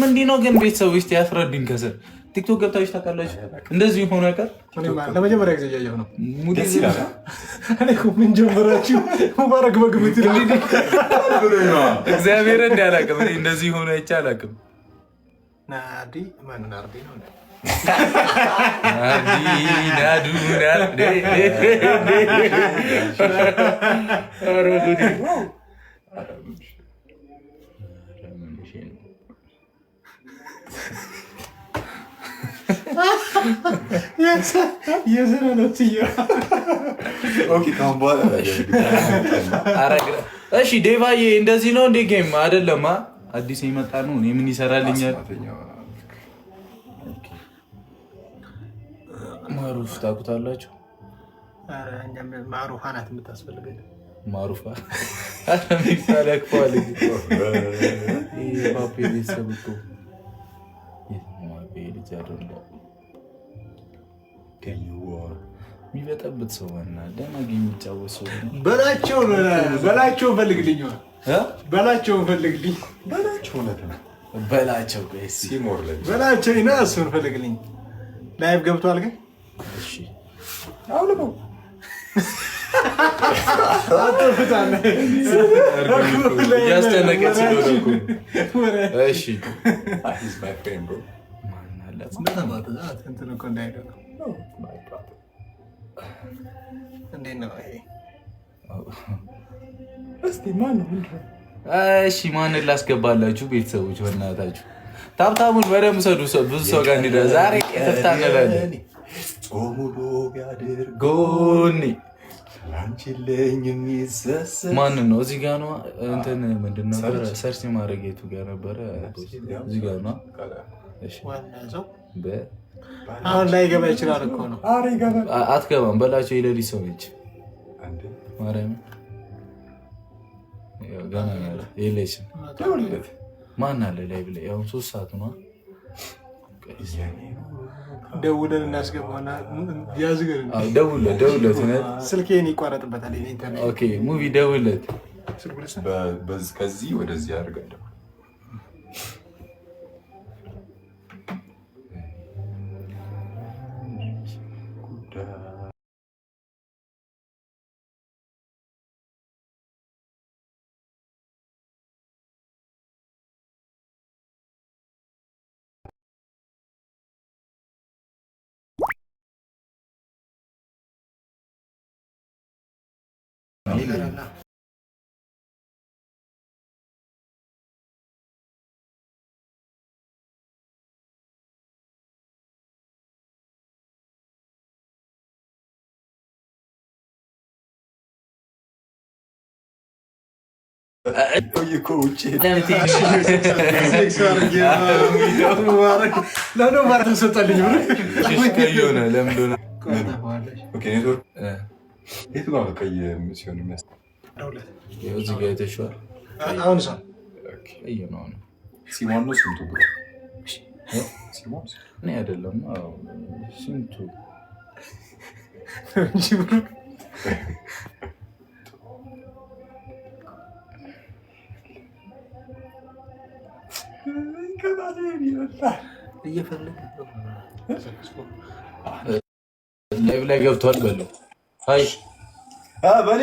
ይሄም እንዲህ ነው ግን ቤተሰብ ውስጥ ያስረዱኝ ከስር ቲክቶክ ገብታችሁ ታውቃላችሁ? እንደዚህ ሆኖ ቀር ለመጀመሪያ ጊዜ እያየሁ ነው። ሙዲ ምን ጀመራችሁ? ሙባረክ በግምት እግዚአብሔር እንዲ አላውቅም። እንደዚህ ሆኖ አይቼ አላውቅም። ናዲ ማን ናርዲ ነው ናዲ ናዱ የዘነ ነው እሺ፣ ዴቫዬ እንደዚህ ነው እንዴ? ጌም አይደለማ፣ አዲስ የመጣ ነው። እኔ ምን ይሰራልኛል? ማሩፍ ታውቁታላችሁ? ማሩፋ ናት የምታስፈልገኝ። ማሩፋ ሚሳለክፏል ቤተሰብ እኮ ልጅ የሚገኙ የሚበጠብጥ ሰው እና ደማግ የሚጫወት ሰው በላቸው በላቸው ፈልግልኝ በላቸው ፈልግልኝ በላቸው ነት በላቸው በላቸው ና እሱን ፈልግልኝ። ላይቭ ገብቷል ግን አውልበው አትፍታለእያስጨነቀ እንዴት ነው? እስቲ ማንን ላስገባላችሁ? ቤተሰቦች በእናታችሁ ታብታቡን በደምብ ሰዱ። ብዙ ሰው ጋር እንዲደ ዛሬ ቅጥፍታ እንላለን። ጾሙ ቢያደርጎኒ አንችለኝ የሚሰሰ ማንን ነው? እዚህ ጋ ነው እንትን ምንድን ነው ሰርች ማድረግ የቱ ጋር ነበረ? እዚህ ጋ ነው አሁን ላይ ገባ ይችላል እኮ ነው። አትገባም በላቸው። የሌሊት ሰው ነች። ማን አለ ላይ ብለህ ያው ሶስት ሰዓት ነው ደውለን እናስገባና ያዝገር ደውለት ደውለት ስልኬን ይቋረጥበታል። ኦኬ ሙቪ ደውለት ከዚህ ወደዚህ አድርገን Não. Are you coach? Não, entendi. Não, não, Mara, você tá Não Caiu, né? Lembro. Quanta roda? Ok, Isso não caiu, senhor دولة يوزي شوي عونسون اي ነው ሲሞን ስንቱ ሲሞን እኔ አይደለም ስንቱ ላይ ገብቷል በለው አይ በሌ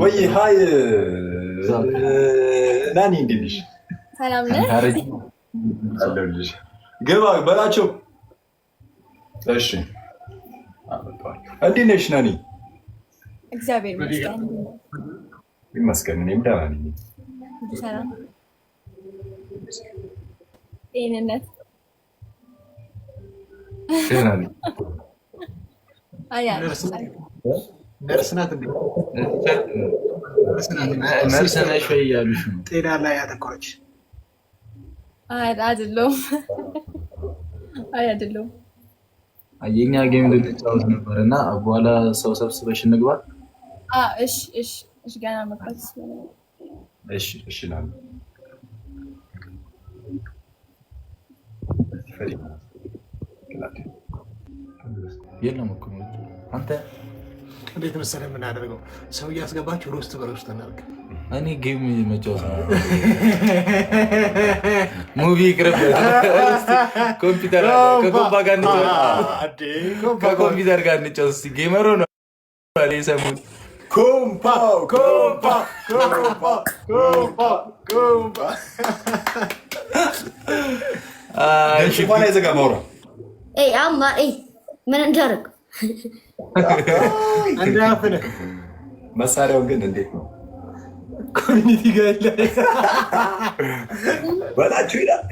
ወይ ሀይ ናኒ እንዴት ነሽ? ሰላም ነሽ? ግባ በላቸው። እሺ እንዴት ነሽ ናኒ? እግዚአብሔር ይመስገን እኔም ደህና ነኝ። ጤንነት ደህና ነኝ። ነርስ ናት እንዴ? ነርስ ጤና ላይ ያተኮረች አይደለሁም። አይ አይደለሁም። የኛ ጌም ልንጫወት ነበር እና በኋላ ሰው ሰብስበሽ እንግባ። እሺ እሺ እሺ። ገና መቅረት እሺ እሺ እላለሁ። የለም እኮ አንተ እንዴት መሰለ የምናደርገው ሰው እያስገባችሁ ሮስት በሮስት እናድርግ። እኔ ጌም መጫወት ነው። ሙቪ ቅርብ ኮምፒውተር ከኮምፒውተር ጋር እንጫወት ጌመሮ ነው የሰሙት ኮምፓ ኮምፓ ኮምፓ ኮምፓ ምን እንዳደረግ መሳሪያው ግን እንዴት ነው? ኮሚኒቲ ጋር በላችሁ ይላል።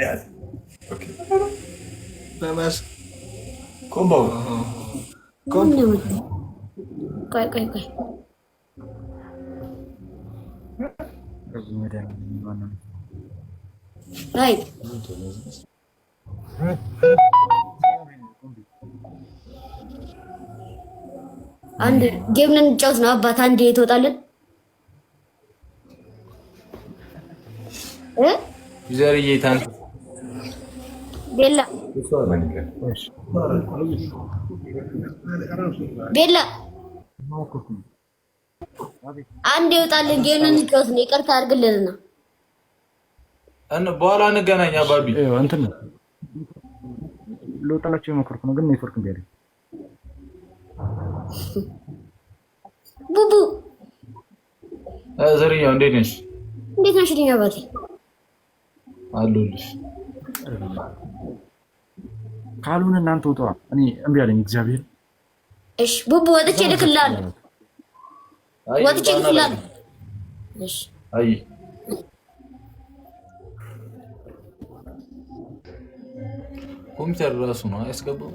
ቆይ ቆይ ቆይ አንድ ጌም እንጫወት ነው አባት። አንድ የት ወጣለን? እ ዘርዬ ታን ቤላ ቤላ አንድ ይወጣልን ጌም እንጫወት ነው። ይቅርታ አድርግልንና በኋላ እንገናኝ። አባቢ እንትን ልወጣላቸው የሞከርኩ ነው ግን ኔትወርክ እንዲያለኝ ቡቡ ዝርያው እንዴት ነሽ? እንዴት ነሽ? ልኛ ባል አሉልሽ። ካልሆነ እናንተ ውጣ። እኔ እምቢ አለኝ እግዚአብሔር። እሺ ቡቡ ወጥቼ ልክልሃለሁ፣ ወጥቼ ልክልሃለሁ። እሺ አይ ኮምፒውተር ራሱ ነው አያስገባም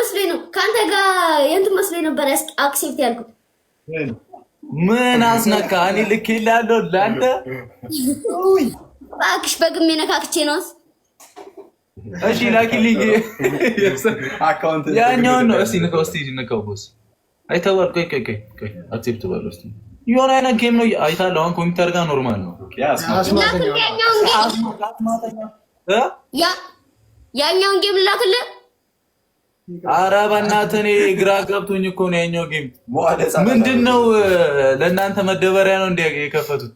መስሎኝ ነው ከአንተ ጋር የእንትን መስሎኝ ነበር አክሴፕት ያልኩት። ምን አስነካ? እኔ ልክ ልኬልሃለሁ ለአንተ እባክሽ በግሜ ነካክቼ ነውስ። እሺ ላኪልኝ ያኛውን ነው። እስኪ ንካው፣ እስኪ ንካው ቦስ አይተኸዋል? ቆይ ቆይ ቆይ አክሴፕት በለው እስኪ የሆነ አይነት ጌም ነው አይታለሁ። አሁን ኮምፒውተር ጋር ኖርማል ነው። ያኛውን ጌም ላክልህ አረ በእናትህ እኔ ግራ ገብቶኝ እኮ ነው ያኛው ጌም ምንድን ነው? ለእናንተ መደበሪያ ነው እንዲ የከፈቱት?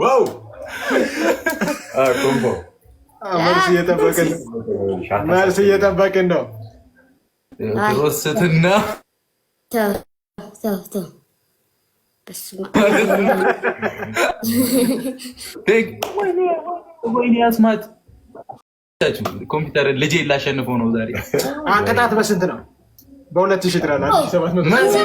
ዋው መልስ እየጠበቅን ነው። ሮስትና ወይኔ አስማት ኮምፒውተር ልጄ ላሸንፎ ነው ዛሬ። ቅጣት በስንት ነው? በሁለት ሺህ ትላለህ።